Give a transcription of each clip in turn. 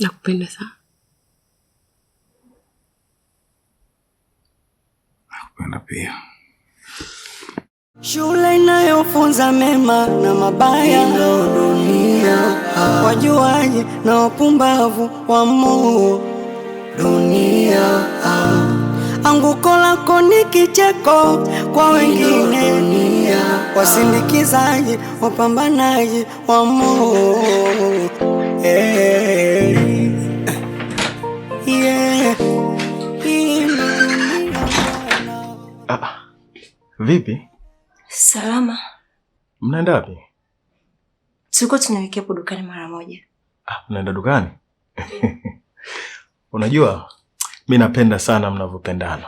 Nakupenda sana. Nakupenda pia. Shule inayofunza mema na mabaya dunia. Wajuaji na wapumbavu wamoo dunia. Anguko lako ni kicheko kwa wengine, wasindikizaji, wapambanaji wamoo hey. Eh. Ah, vipi? Salama. Mnaenda wapi? Tuko tunaelekea hapo dukani mara moja. Ah, mnaenda dukani? Unajua mi napenda sana mnavyopendana,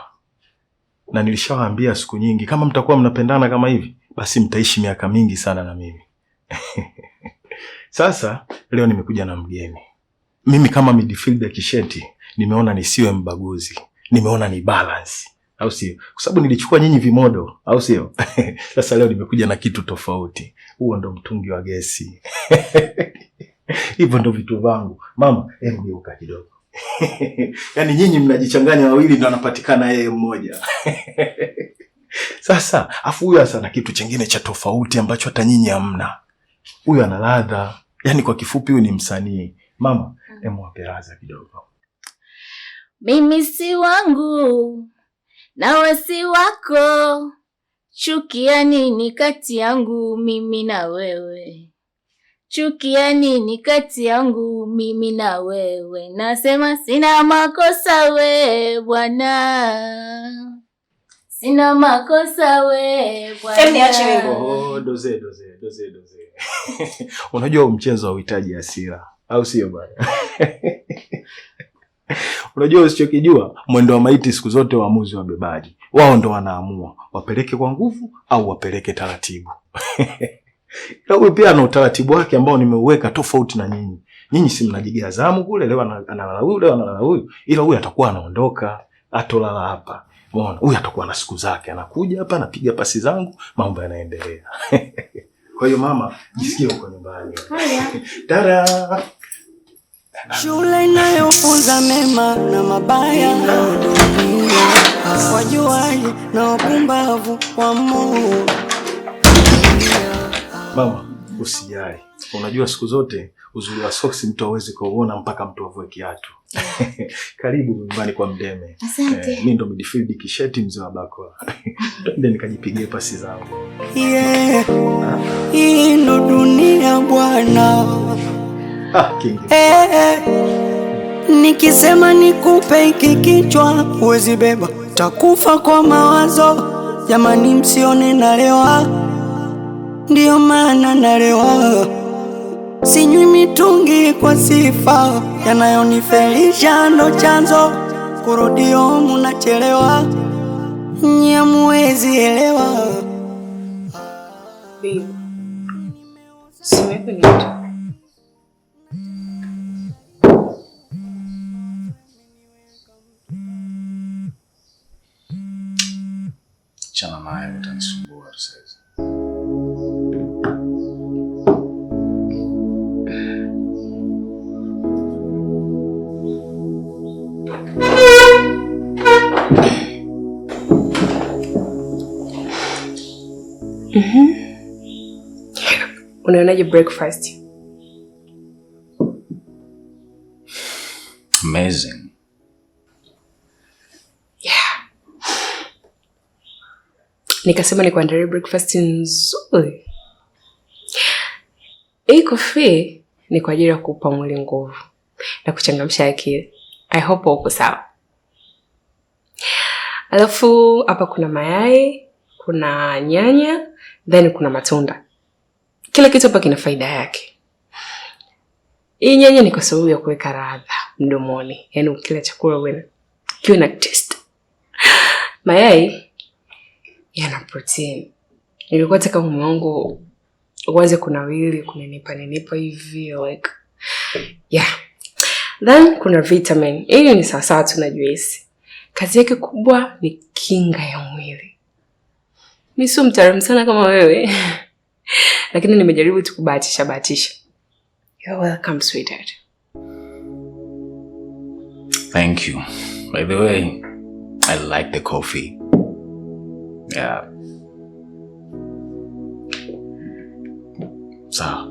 na nilishawaambia siku nyingi, kama mtakuwa mnapendana kama hivi, basi mtaishi miaka mingi sana na mimi. Sasa leo nimekuja na mgeni mimi kama midfielder kisheti nimeona nisiwe mbaguzi, nimeona ni balance, au sio? Kwa sababu nilichukua nyinyi vimodo, au sio? Sasa leo nimekuja na kitu tofauti. Huo ndo mtungi wa gesi hivyo ndo vitu vangu. Mama, hebu geuka kidogo yaani nyinyi mnajichanganya wawili, ndo anapatikana yeye mmoja Sasa afu huyo hasa na kitu chingine cha tofauti ambacho hata nyinyi hamna. Huyu ana ladha, yaani kwa kifupi, huyu ni msanii. Mama, mm. hebu wape raha kidogo. Mimi si wangu nawe si wako, chukia nini kati yangu mimi na wewe? chukia nini kati yangu mimi na wewe? Nasema sina makosa we bwana, sina makosa we bwana. Oh, doze doze doze doze. Unajua mchezo uhitaji hasira, au sio bwana? Unajua usichokijua, mwendo wa maiti siku zote waamuzi wa wabebaji wao ndo wanaamua wapeleke kwa nguvu au wapeleke taratibu. Na Huyu pia ana utaratibu wake ambao nimeuweka tofauti na nyinyi. Nyinyi si mnajigia zamu kule, leo analala huyu, leo analala huyu, ila huyu atakuwa anaondoka, atolala hapa. Umeona, huyu atakuwa na siku zake, anakuja hapa, anapiga pasi zangu, mambo yanaendelea. Kwa hiyo mama, jisikie uko nyumbani. Haya. Tara. Shule inayofunza mema na mabaya dunia, wajuaji na wapumbavu wa Mungu. Mama, usijali, unajua siku zote uzuri wa soksi mtu awezi kuuona mpaka mtu avue kiatu. Karibu nyumbani kwa Mdeme. Asante. Eh, mimi ndo midfield kisheti mzee wa bako. Ndio nikajipigie pasi zangu. Yeah. Ah, ah. Hii ndo dunia bwana. Hey, ah, eh, eh, nikisema nikupe hiki kichwa huwezi beba, takufa kwa mawazo. Jamani, msione nalewa, ndiyo maana nalewa. Sinywi mitungi kwa sifa, yanayonifelisha ndo chanzo, kurudio munachelewa, nyie muwezi elewa. Unaonaje breakfast? Amazing. Yeah. Nikasema nikuandalie breakfast nzuri. Hii kofi ni kwa ajili ya kupa mwili nguvu na kuchangamsha akili. I hope uko sawa. Alafu hapa kuna mayai, kuna nyanya, then kuna matunda. Kila kitu hapa kina faida yake. Hii nyanya ni kwa sababu ya kuweka radha mdomoni, yaani ukila chakula wewe kiwe na taste. Mayai yana protein. Nilikuwa taka mume wangu uanze kunawili, kunenipa nenipa hivi like yeah. Then kuna vitamin. Hii ni sawa tu na juisi. Kazi yake kubwa ni kinga ya mwili. Mimi si mtaalamu sana kama wewe lakini nimejaribu tu kubahatisha bahatisha. You're welcome sweetheart. Thank you. By the way, I like the coffee. Yeah. Sawa.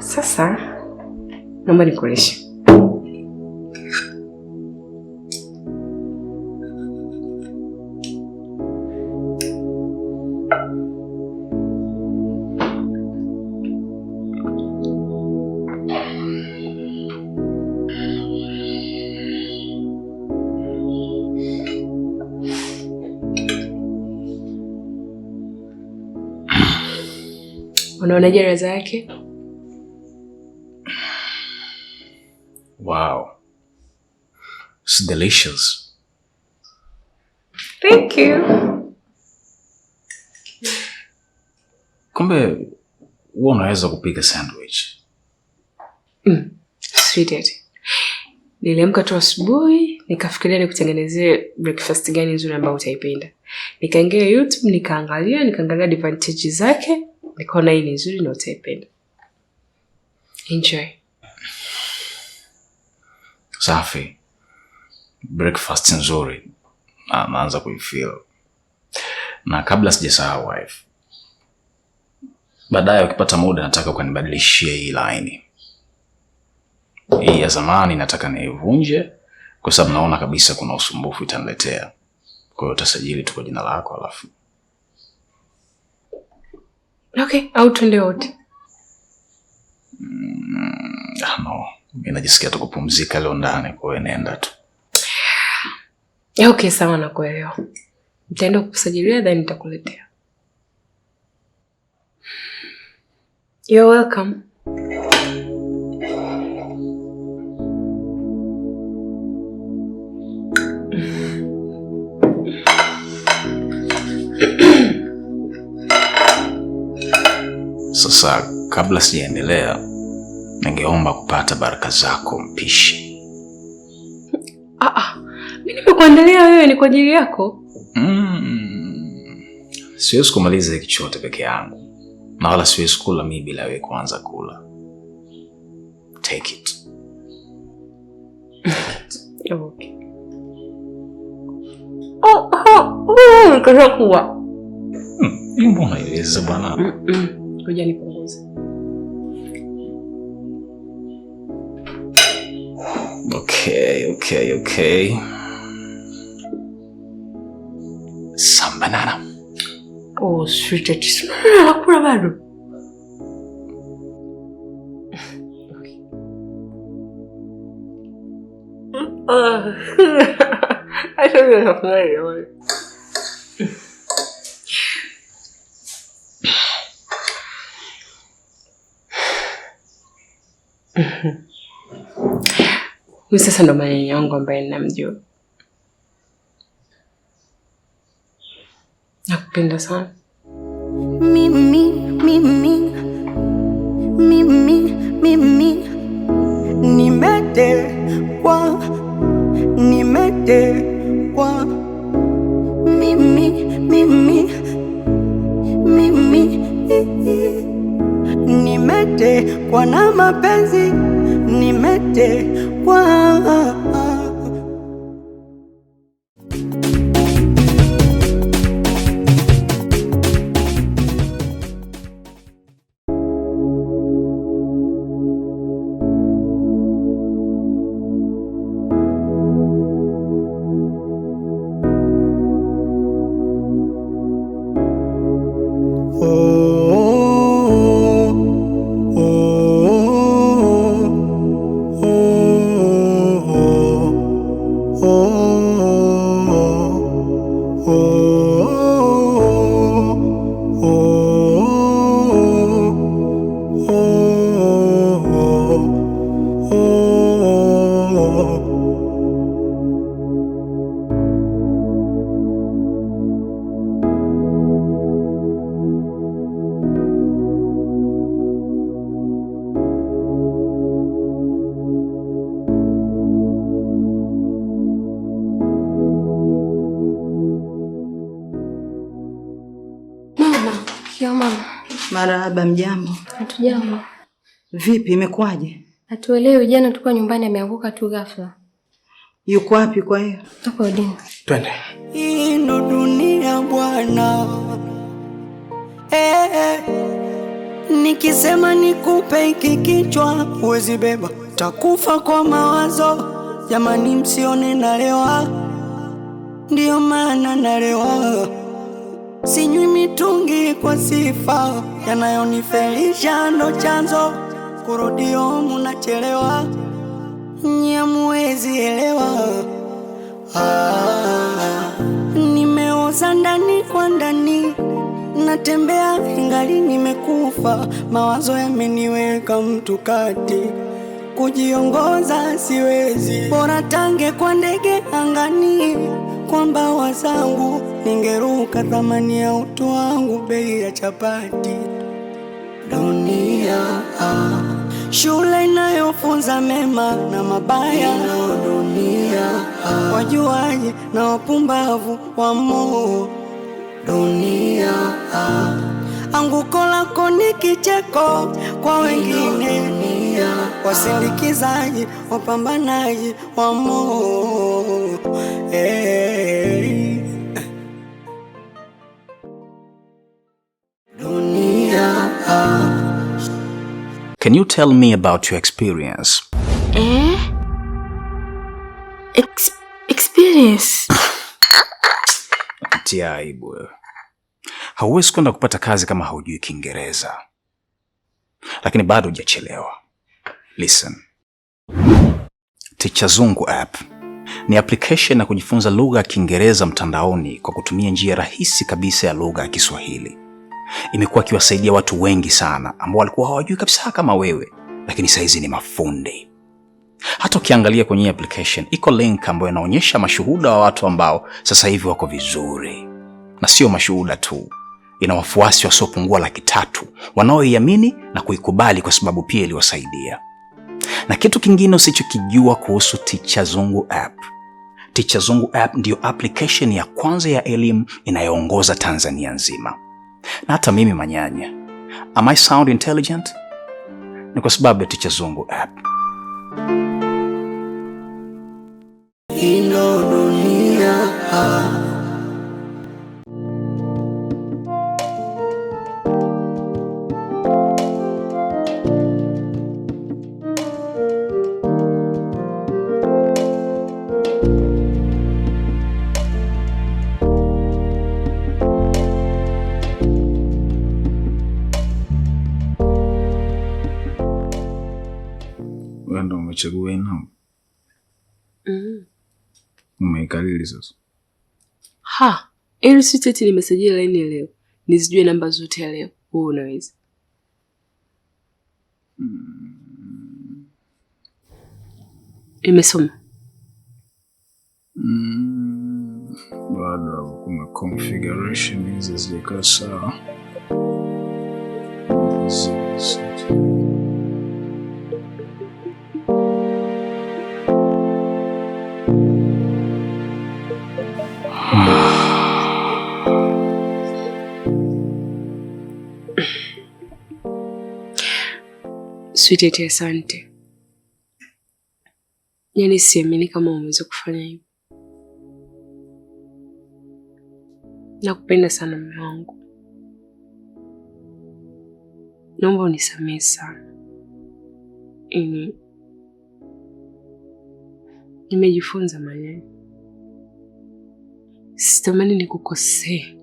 Sasa naomba nikureshe unaonaje radha yake? Wow. It's delicious. Thank you. Kumbe wewe unaweza kupika sandwich. Mm. Sweet. Niliamka tu asubuhi nikafikiria nikutengenezee breakfast gani nzuri ambayo utaipenda. Nikaingia YouTube nikaangalia, nikaangalia advantages zake nikaona hii ni nzuri na utaipenda. Enjoy. Safi. Breakfast nzuri na naanza kuifeel, na kabla sijasahau wife, baadaye ukipata muda, nataka ukanibadilishie hii laini hii ya zamani, nataka niivunje kwa sababu naona kabisa kuna usumbufu itaniletea. Kwa hiyo utasajili tu kwa jina lako alafu Okay, au twende wote. Mm, ah, no. Mimi najisikia tu kupumzika leo ndani, kwa hiyo nenda tu. Okay, sawa nakuelewa. Nitaenda kukusajilia then nitakuletea. You're welcome. Sasa kabla sijaendelea, ningeomba kupata baraka zako mpishi. Ah, ah. Mimi nimekuandalia wewe, ni kwa ajili yako. Mm, siwezi kumaliza hiki chote peke yangu na wala siwezi kula mimi bila wewe kuanza kula. Take it. Okay. Oh, oh, oh, kuwa. Hmm, mbona ileza bwana? Ngoja nipunguze. Okay, okay, okay. Sambanana. Oh, sweetheart. Hakuna bado. I don't know. Huyu sasa ndo manyanya wangu ambaye ninamjua. Nakupenda sana mimi, mimi, mimi, mimi nimetekwa, nimetekwa mimi, mimi, mimi nimetekwa na mapenzi nimetekwa Hamjambo? Hatujambo. Vipi, imekuwaje? Hatuelewi, jana tulikuwa nyumbani ameanguka tu ghafla. Yuko wapi kwa hiyo? Hapo udini. Twende. Hii ndo dunia bwana. Eh, eh, nikisema nikupe hiki kichwa huwezi beba, takufa kwa mawazo. Jamani, msione nalewa, ndiyo maana nalewa Sinywi mitungi kwa sifa, yanayonifelisha ndo chanzo, kurudio munachelewa, nyie elewa. Ah, nimeoza ndani kwa ndani, natembea ingali nimekufa, mawazo yameniweka mtu kati kujiongoza siwezi, bora tange kwa ndege angani kwamba wazangu, ningeruka thamani ya utu wangu, bei ya chapati. Dunia ah. shule inayofunza mema na mabaya. Dunia ah. wajuaji na wapumbavu wamo. Dunia ah. anguko lako ni kicheko kwa wengine wasindikizaji, wapambanaji wa Mungu Can you tell me about your experience? Eh? Ex experience? Tia aibu wewe. Hauwezi kwenda kupata kazi kama haujui Kiingereza, lakini bado hujachelewa. Listen. Ticha Zungu app ni application ya kujifunza lugha ya Kiingereza mtandaoni kwa kutumia njia rahisi kabisa ya lugha ya Kiswahili. Imekuwa ikiwasaidia watu wengi sana ambao walikuwa hawajui kabisa kama wewe, lakini saizi ni mafundi. Hata ukiangalia kwenye application iko link ambayo inaonyesha mashuhuda wa watu ambao sasa hivi wako vizuri, na sio mashuhuda tu, ina wafuasi wasiopungua laki tatu wanaoiamini na kuikubali kwa sababu pia iliwasaidia. Na kitu kingine usichokijua kuhusu Ticha Zungu app, Ticha Zungu app ndiyo application ya kwanza ya elimu inayoongoza Tanzania nzima. Na hata mimi manyanya, am I sound intelligent? Ni kwa sababu ya Ticha Zungu app. Ino dunia, ah. uchague nao mm. Mm-hmm. Umeikalili sasa ha ili siteti nimesajili laini leo nizijue namba zote ya leo. Wewe unaweza mm. Imesoma mm. Bado kuna configuration hizi zikaa sawa Switete, asante. Yaani siamini kama umeweza kufanya hivyo. Nakupenda sana mume wangu, naomba unisamehe sana. Ini nimejifunza maneno, sitamani nikukosee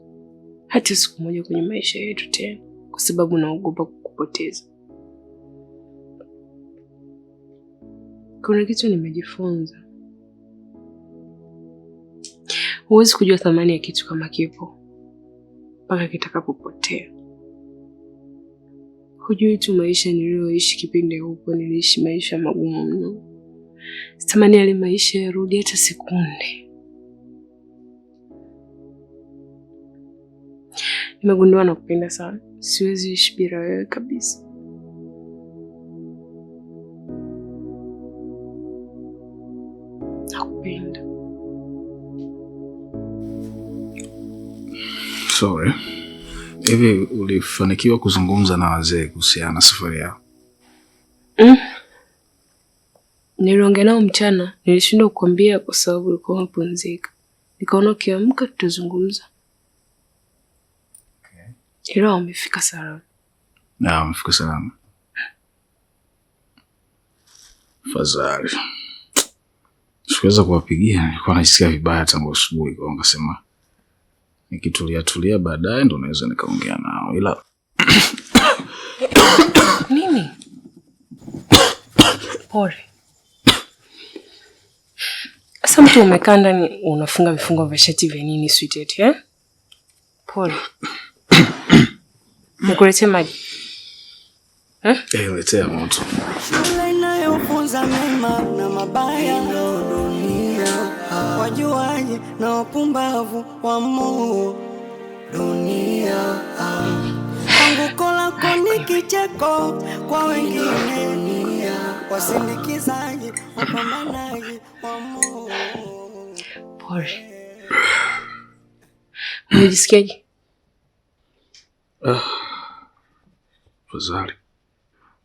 hata siku moja kwenye maisha yetu tena, kwa sababu naogopa kukupoteza. kuna kitu nimejifunza. Huwezi kujua thamani ya kitu kama kipo mpaka kitakapopotea. Hujui tu maisha niliyoishi kipindi huko, niliishi maisha magumu mno. Sitamani yale maisha yarudi hata sekunde. Nimegundua na kupenda sana, siwezi ishi bila wewe kabisa. kupenda. Sorry. Hivi ulifanikiwa kuzungumza na wazee kuhusiana na safari yao? Mm. Niliongea nao mchana, nilishindwa kukwambia kwa sababu ulikuwa umepumzika. Nikaona ukiamka tutazungumza. Okay. Ila wamefika salama. Na wamefika salama. Fazari sikuweza kuwapigia, nilikuwa najisikia vibaya tangu asubuhi, kwa ngasema nikitulia tulia baadaye ndo naweza nikaongea nao, ila nini? Pole. Sasa mtu umekaa ndani unafunga vifungo vya shati vya nini sweetheart, eh? Pole. Nikuletee maji. Eh? Eh, letea moto. Inayofunza mema na mabaya wajuaji na wapumbavu wa Mungu dunia. Anguko lako ni kicheko kwa wengine, wasindikizaji wapambanaji wa Mungu. Pole. Unajisikiaje? Fadhali,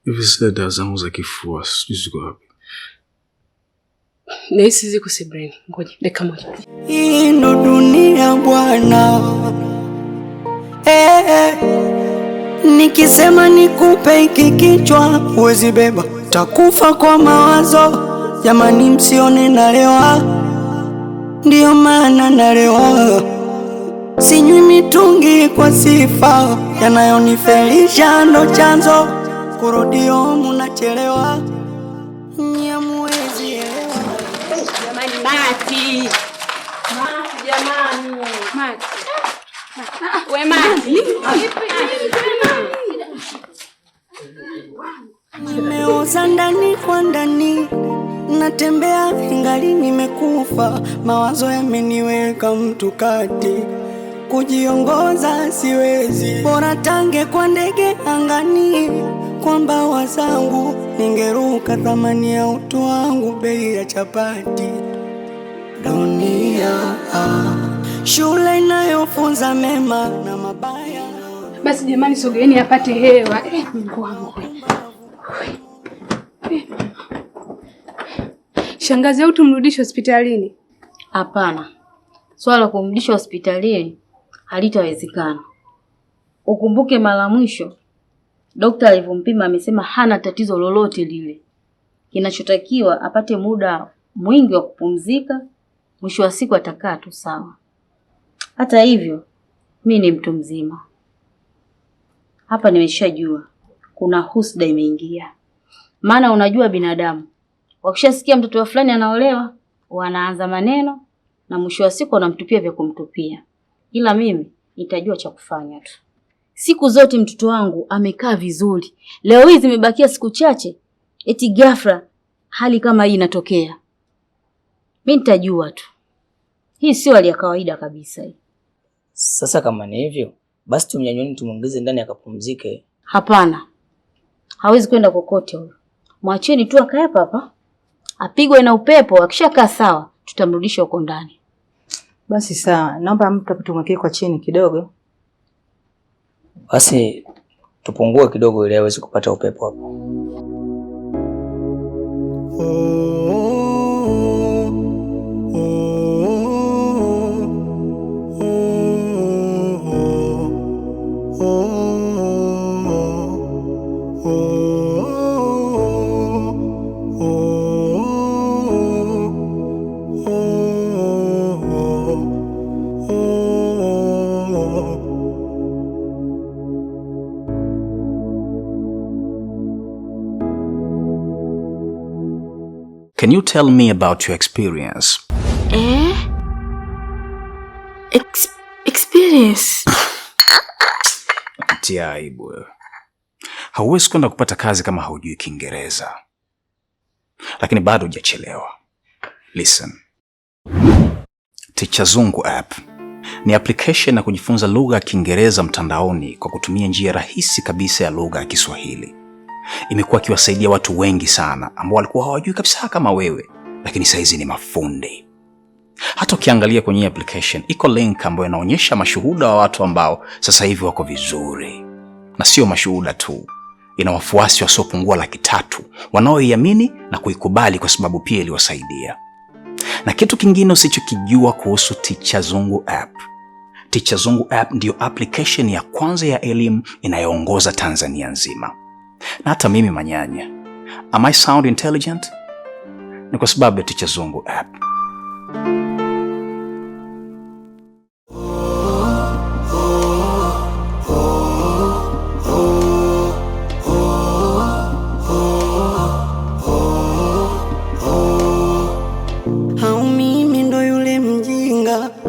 hivi sina dawa zangu za kifua, sijui ziko wapi. Nahisi ziko sebreni. Ngoja dakika moja. Hii ndo dunia bwana. Eh, eh. Nikisema nikupe hiki kichwa huwezi beba, takufa kwa mawazo. Jamani, msione nalewa, ndiyo maana nalewa. Sinywi mitungi kwa sifa, yanayonifelisha ndo chanzo, kurudio munachelewa. Jamani, mati mati, jamani mati, we mati. Nimeoza ndani kwa ndani, natembea ingali nimekufa, mawazo yameniweka mtu kati kujiongoza siwezi, bora tange kwa ndege angani kwamba wazangu, ningeruka thamani ya utu wangu, bei ya chapati dunia. Ah. shule inayofunza mema na mabaya. Basi jamani, sogeeni apate hewa. Eh, Shangazi au tumrudishe hospitalini? Hapana, swala la kumrudisha hospitalini halitawezekana. Ukumbuke mara mwisho Dokta alivyompima amesema hana tatizo lolote lile. Kinachotakiwa apate muda mwingi wa kupumzika, mwisho wa siku atakaa tu sawa. Hata hivyo, mi ni mtu mzima hapa, nimeshajua kuna husda imeingia. Maana unajua binadamu wakishasikia mtoto wa fulani anaolewa, wanaanza maneno na mwisho wa siku wanamtupia vya kumtupia, ila mimi nitajua cha kufanya tu. Siku zote mtoto wangu amekaa vizuri, leo hii zimebakia siku chache, eti ghafla hali kama hii inatokea. Mi nitajua tu, hii sio hali ya kawaida kabisa hii. Sasa kama ni hivyo basi, tumnyanyweni tumwongeze ndani akapumzike. Hapana, hawezi kwenda kokote huyo, mwacheni tu akae hapa, hapa apigwe na upepo. Akishakaa sawa, tutamrudisha huko ndani. Basi sawa, naomba mtu tumwekee kwa chini kidogo basi tupungue kidogo ili aweze kupata upepo hapo. Oh. Can you tell me about your experience? Eh? Ex experience? Tia aibu Hauwezi kwenda kupata kazi kama haujui Kiingereza, lakini bado hujachelewa. Listen. Ticha Zungu app ni application ya kujifunza lugha ya Kiingereza mtandaoni kwa kutumia njia rahisi kabisa ya lugha ya Kiswahili imekuwa ikiwasaidia watu wengi sana ambao walikuwa hawajui kabisa kama wewe, lakini sahizi ni mafundi. Hata ukiangalia kwenye hii application iko link ambayo inaonyesha mashuhuda wa watu ambao sasa hivi wako vizuri, na sio mashuhuda tu, ina wafuasi wasiopungua laki tatu wanaoiamini na kuikubali kwa sababu pia iliwasaidia. Na kitu kingine usichokijua kuhusu Ticha Zungu app Ticha Zungu app ndiyo application ya kwanza ya elimu inayoongoza Tanzania nzima na hata mimi manyanya. Am I sound intelligent? Ni kwa sababu ya Ticha Zungu app.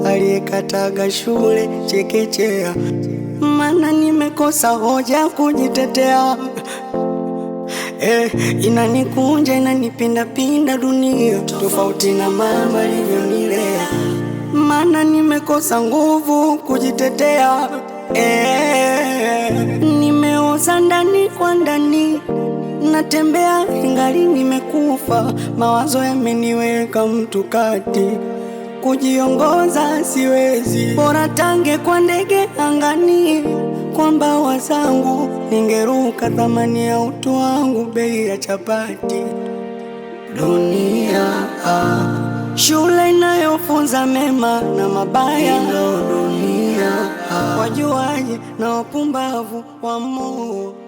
aliyekataga shule chekechea, mana nimekosa hoja kujitetea eh, inanikunja inanipindapinda dunia, tofauti na mama alivyonilea, mana nimekosa nguvu kujitetea eh, nimeoza ndani kwa ndani natembea ingali nimekufa, mawazo yameniweka mtu kati, kujiongoza siwezi, bora tange kwa ndege angani kwamba wazangu, ningeruka thamani ya utu wangu, bei ya chapati dunia. Ah, shule inayofunza mema na mabaya dunia. Ah, wajuaji na wapumbavu wa moo